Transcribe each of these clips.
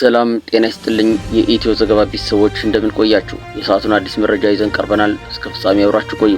ሰላም ጤና ይስጥልኝ። የኢትዮ ዘገባ ሰዎች እንደምን ቆያችሁ? የሰዓቱን አዲስ መረጃ ይዘን ቀርበናል። እስከ ፍጻሜ አብራችሁ ቆዩ።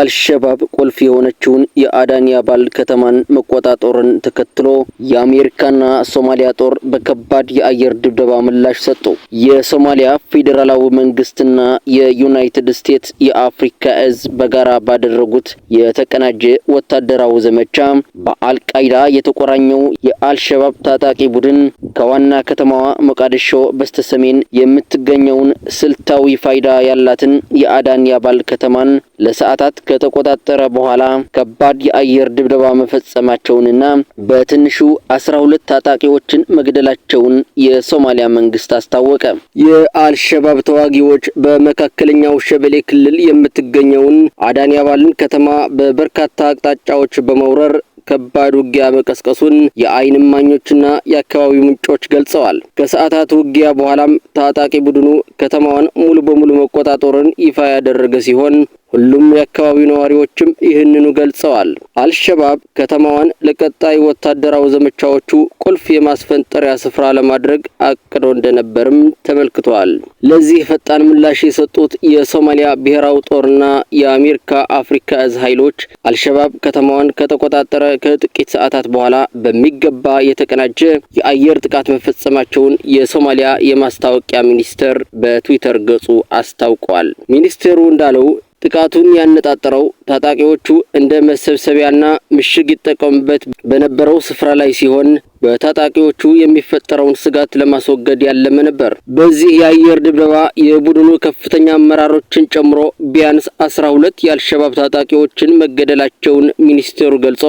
አልሸባብ ቁልፍ የሆነችውን የአዳን ያባል ከተማን መቆጣጠርን ተከትሎ የአሜሪካና ሶማሊያ ጦር በከባድ የአየር ድብደባ ምላሽ ሰጡ። የሶማሊያ ፌዴራላዊ መንግስትና የዩናይትድ ስቴትስ የአፍሪካ እዝ በጋራ ባደረጉት የተቀናጀ ወታደራዊ ዘመቻ በአልቃይዳ የተቆራኘው የአልሸባብ ታጣቂ ቡድን ከዋና ከተማዋ ሞቃዲሾ በስተሰሜን የምትገኘውን ስልታዊ ፋይዳ ያላትን የአዳን ያባል ከተማን ለሰዓታት ከተቆጣጠረ በኋላ ከባድ የአየር ድብደባ መፈጸማቸውንና በትንሹ አስራ ሁለት ታጣቂዎችን መግደላቸውን የሶማሊያ መንግስት አስታወቀ። የአልሸባብ ተዋጊዎች በመካከለኛው ሸበሌ ክልል የምትገኘውን አዳኒ አባልን ከተማ በበርካታ አቅጣጫዎች በመውረር ከባድ ውጊያ መቀስቀሱን የአይን እማኞችና የአካባቢው ምንጮች ገልጸዋል። ከሰዓታት ውጊያ በኋላም ታጣቂ ቡድኑ ከተማዋን ሙሉ በሙሉ መቆጣጠሩን ይፋ ያደረገ ሲሆን ሁሉም የአካባቢው ነዋሪዎችም ይህንኑ ገልጸዋል። አልሸባብ ከተማዋን ለቀጣይ ወታደራዊ ዘመቻዎቹ ቁልፍ የማስፈንጠሪያ ስፍራ ለማድረግ አቅዶ እንደነበርም ተመልክቷል። ለዚህ ፈጣን ምላሽ የሰጡት የሶማሊያ ብሔራዊ ጦርና የአሜሪካ አፍሪካ እዝ ኃይሎች አልሸባብ ከተማዋን ከተቆጣጠረ ከጥቂት ሰዓታት በኋላ በሚገባ የተቀናጀ የአየር ጥቃት መፈጸማቸውን የሶማሊያ የማስታወቂያ ሚኒስቴር በትዊተር ገጹ አስታውቋል። ሚኒስቴሩ እንዳለው ጥቃቱን ያነጣጠረው ታጣቂዎቹ እንደ መሰብሰቢያና ምሽግ ይጠቀሙበት በነበረው ስፍራ ላይ ሲሆን በታጣቂዎቹ የሚፈጠረውን ስጋት ለማስወገድ ያለመ ነበር። በዚህ የአየር ድብደባ የቡድኑ ከፍተኛ አመራሮችን ጨምሮ ቢያንስ አስራ ሁለት የአልሸባብ ታጣቂዎችን መገደላቸውን ሚኒስቴሩ ገልጾ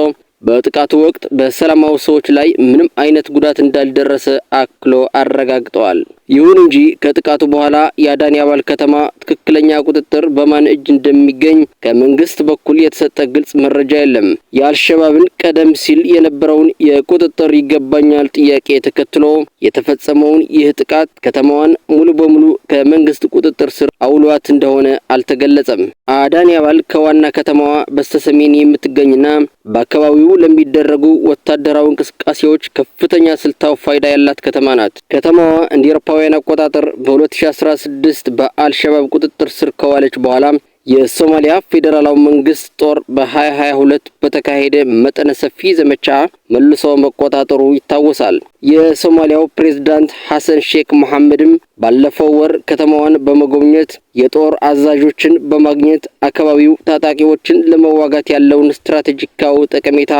በጥቃቱ ወቅት በሰላማዊ ሰዎች ላይ ምንም አይነት ጉዳት እንዳልደረሰ አክሎ አረጋግጠዋል። ይሁን እንጂ ከጥቃቱ በኋላ የአዳኒ አባል ከተማ ትክክለኛ ቁጥጥር በማን እጅ እንደሚገኝ ከመንግስት በኩል የተሰጠ ግልጽ መረጃ የለም። የአልሸባብን ቀደም ሲል የነበረውን የቁጥጥር ይገባኛል ጥያቄ ተከትሎ የተፈጸመውን ይህ ጥቃት ከተማዋን ሙሉ በሙሉ ከመንግስት ቁጥጥር ስር አውሏት እንደሆነ አልተገለጸም። አዳኒ አባል ከዋና ከተማዋ በስተሰሜን የምትገኝና በአካባቢው ለሚደረጉ ወታደራዊ እንቅስቃሴዎች ከፍተኛ ስልታዊ ፋይዳ ያላት ከተማ ናት። ከተማዋ እንደ አውሮፓውያን አቆጣጠር በ2016 በአልሸባብ ቁጥጥር ስር ከዋለች በኋላ የሶማሊያ ፌዴራላዊ መንግስት ጦር በ2022 በተካሄደ መጠነ ሰፊ ዘመቻ መልሶ መቆጣጠሩ ይታወሳል። የሶማሊያው ፕሬዝዳንት ሐሰን ሼክ መሐመድም ባለፈው ወር ከተማዋን በመጎብኘት የጦር አዛዦችን በማግኘት አካባቢው ታጣቂዎችን ለመዋጋት ያለውን ስትራቴጂካዊ ጠቀሜታ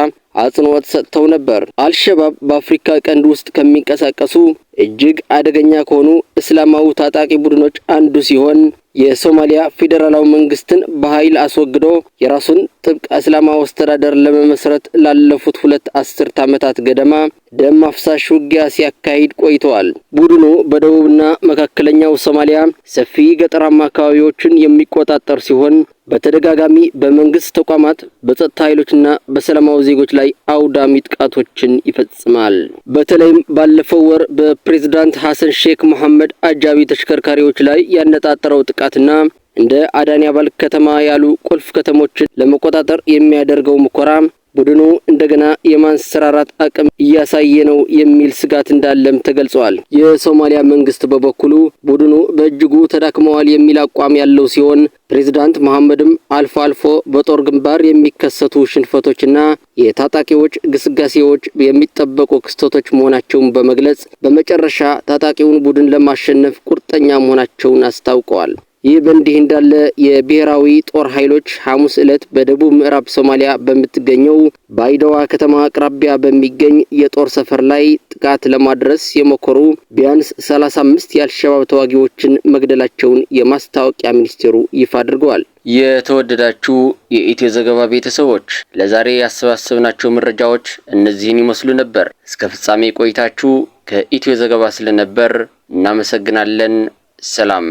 አጽንዖት ሰጥተው ነበር። አልሸባብ በአፍሪካ ቀንድ ውስጥ ከሚንቀሳቀሱ እጅግ አደገኛ ከሆኑ እስላማዊ ታጣቂ ቡድኖች አንዱ ሲሆን የሶማሊያ ፌዴራላዊ መንግስትን በኃይል አስወግዶ የራሱን ጥብቅ እስላማዊ አስተዳደር ለመመስረት ላለፉት ሁለት አስርት ዓመታት ገደማ ደም አፍሳሽ ውጊያ ሲያካሂድ ቆይተዋል። ቡድኑ በደቡብና መካከለኛው ሶማሊያ ሰፊ ገጠራማ አካባቢዎችን የሚቆጣጠር ሲሆን በተደጋጋሚ በመንግስት ተቋማት በጸጥታ ኃይሎችና በሰላማዊ ዜጎች ላይ አውዳሚ ጥቃቶችን ይፈጽማል። በተለይም ባለፈው ወር በፕሬዝዳንት ሐሰን ሼክ መሐመድ አጃቢ ተሽከርካሪዎች ላይ ያነጣጠረው ጥቃትና እንደ አዳኒ አባል ከተማ ያሉ ቁልፍ ከተሞችን ለመቆጣጠር የሚያደርገው ሙከራ ቡድኑ እንደገና የማንሰራራት አቅም እያሳየ ነው የሚል ስጋት እንዳለም ተገልጿል። የሶማሊያ መንግስት በበኩሉ ቡድኑ በእጅጉ ተዳክመዋል የሚል አቋም ያለው ሲሆን ፕሬዚዳንት መሐመድም አልፎ አልፎ በጦር ግንባር የሚከሰቱ ሽንፈቶችና የታጣቂዎች ግስጋሴዎች የሚጠበቁ ክስተቶች መሆናቸውን በመግለጽ በመጨረሻ ታጣቂውን ቡድን ለማሸነፍ ቁርጠኛ መሆናቸውን አስታውቀዋል። ይህ በእንዲህ እንዳለ የብሔራዊ ጦር ኃይሎች ሐሙስ ዕለት በደቡብ ምዕራብ ሶማሊያ በምትገኘው በአይደዋ ከተማ አቅራቢያ በሚገኝ የጦር ሰፈር ላይ ጥቃት ለማድረስ የሞከሩ ቢያንስ 35 የአልሸባብ ተዋጊዎችን መግደላቸውን የማስታወቂያ ሚኒስቴሩ ይፋ አድርገዋል። የተወደዳችሁ የኢትዮ ዘገባ ቤተሰቦች ለዛሬ ያሰባሰብናቸው መረጃዎች እነዚህን ይመስሉ ነበር። እስከ ፍጻሜ ቆይታችሁ ከኢትዮ ዘገባ ስለነበር እናመሰግናለን። ሰላም